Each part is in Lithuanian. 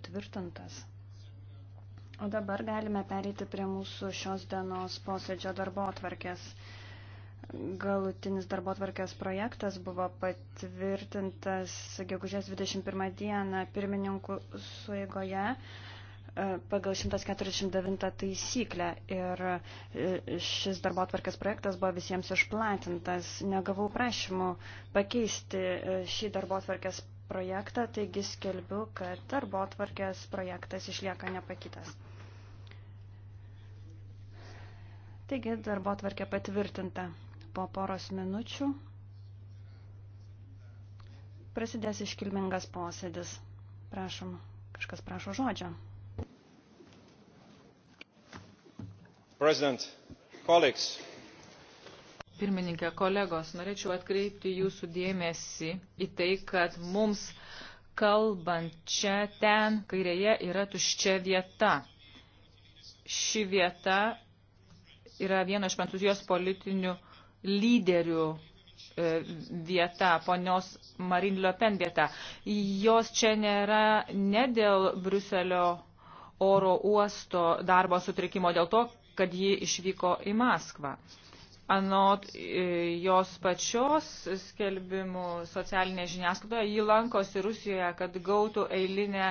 patvirtintas. O dabar galime pereiti prie mūsų šios dienos posėdžio darbo atvarkės. Galutinis darbo atvarkės projektas buvo patvirtintas gegužės 21 dieną pirmininkų suėgoje e, pagal 149 taisyklę ir e, šis darbo atvarkės projektas buvo visiems išplatintas. Negavau prašymų pakeisti e, šį darbo atvarkės projektą, taigi skelbiu, kad darbo tvarkės projektas išlieka nepakitas. Taigi darbo tvarkė patvirtinta po poros minučių. Prasidės iškilmingas posėdis. Prašom, kažkas prašo žodžio. President, colleagues, Pirmininkė, kolegos, norėčiau atkreipti jūsų dėmesį į tai, kad mums kalbant čia, ten, kairėje yra tuščia vieta. Ši vieta yra vieno iš prancūzijos politinių lyderių e, vieta, ponios Marine Le Pen vieta. Jos čia nėra ne dėl Bruselio oro uosto darbo sutrikimo, dėl to, kad ji išvyko į Maskvą. Anot e, jos pačios skelbimų socialinė žiniasklaidoje, jį lankosi Rusijoje, kad gautų eilinę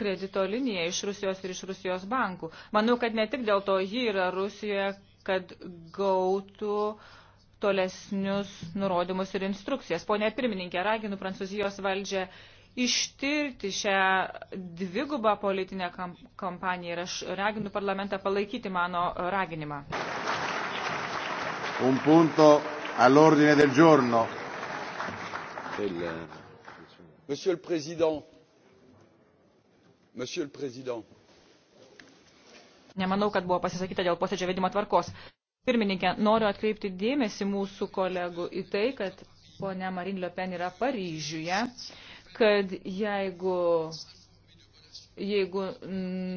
kredito liniją iš Rusijos ir iš Rusijos bankų. Manau, kad ne tik dėl to ji yra Rusijoje, kad gautų uh, tolesnius nurodymus ir instrukcijas. Pone pirmininkė, raginu Prancūzijos valdžią ištirti šią dvigubą politinę kampaniją ir aš raginu parlamentą palaikyti mano raginimą un punto all'ordine del giorno. Eh, Monsieur le Président, Monsieur le Président. Nemanau, kad buvo pasisakyta dėl posėdžio vedimo tvarkos. Pirmininkė, noriu atkreipti dėmesį mūsų kolegų į tai, kad ponia Marin Le Pen yra Paryžiuje, kad jeigu jeigu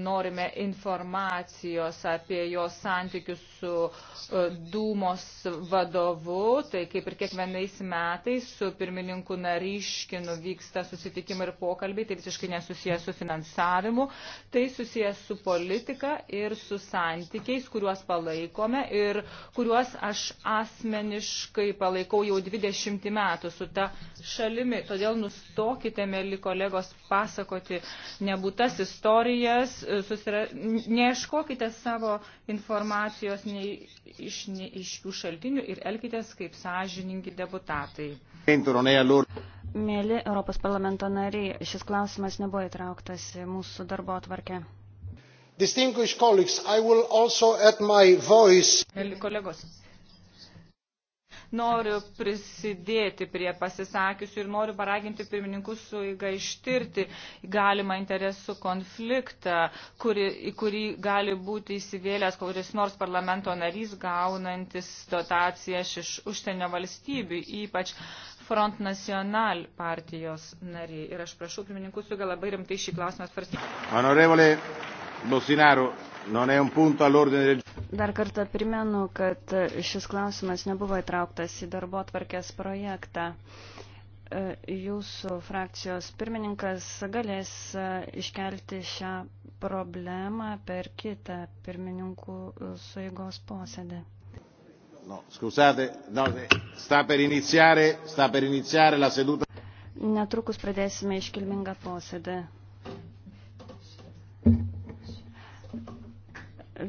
norime informacijos apie jos santykius su e, Dūmos vadovu, tai kaip ir kiekvienais metais su pirmininku Naryškinu vyksta susitikimai ir pokalbiai, tai visiškai nesusijęs su finansavimu, tai susijęs su politika ir su santykiais, kuriuos palaikome ir kuriuos aš asmeniškai palaikau jau 20 metų su ta šalimi. Todėl nustokite, mėly kolegos, pasakoti nebūtas bylas, istorijas, e, susira... neieškokite savo informacijos nei iš neiškių šaltinių ir elkitės kaip sąžiningi deputatai. Mėly Europos parlamento nariai, šis klausimas nebuvo įtrauktas į mūsų darbo atvarkę. Mėly kolegos, Noriu prisidėti prie pasisakiusių ir noriu paraginti pirmininkus suiga ištirti galimą interesų konfliktą, kuri, į kurį gali būti įsivėlęs kuris nors parlamento narys gaunantis dotacijas iš užsienio valstybių, ypač Front National partijos nariai. Ir aš prašau pirmininkų suiga labai rimtai šį klausimą svarstyti. Onorevole Bosinaro, non è un punto all'ordine del giorno. Dar kartą primenu, kad šis klausimas nebuvo įtrauktas į darbo tvarkės projektą. E, Jūsų frakcijos pirmininkas galės e, iškelti šią problemą per kitą pirmininkų e, suigos posėdį. No, scusate, no, sta per iniziare, sta per iniziare la seduta. Netrukus pradėsime iškilmingą posėdį.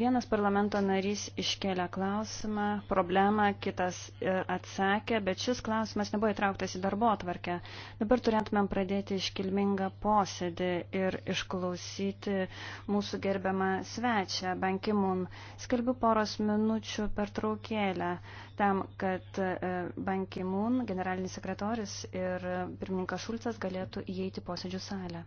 Vienas parlamento narys iškėlė klausimą, problemą, kitas e, atsakė, bet šis klausimas nebuvo įtrauktas į darbo atvarkę. Dabar turėtumėm pradėti iškilmingą posėdį ir išklausyti mūsų gerbiamą svečią, Bankimun. Skelbiu poros minučių per traukėlę tam, kad e, Bankimun, generalinis sekretorius ir e, pirmininkas Šulcas galėtų įeiti posėdžių salę.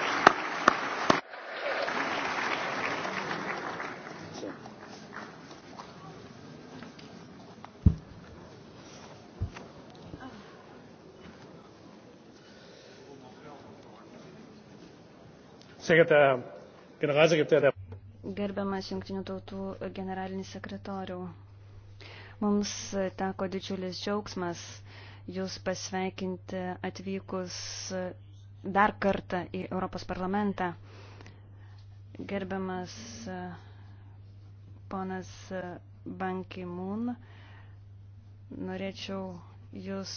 Gerbiamas Junktinių tautų generalinis sekretoriau, mums teko didžiulis džiaugsmas Jūs pasveikinti atvykus dar kartą į Europos parlamentą. Gerbiamas ponas Bankimun, norėčiau Jūs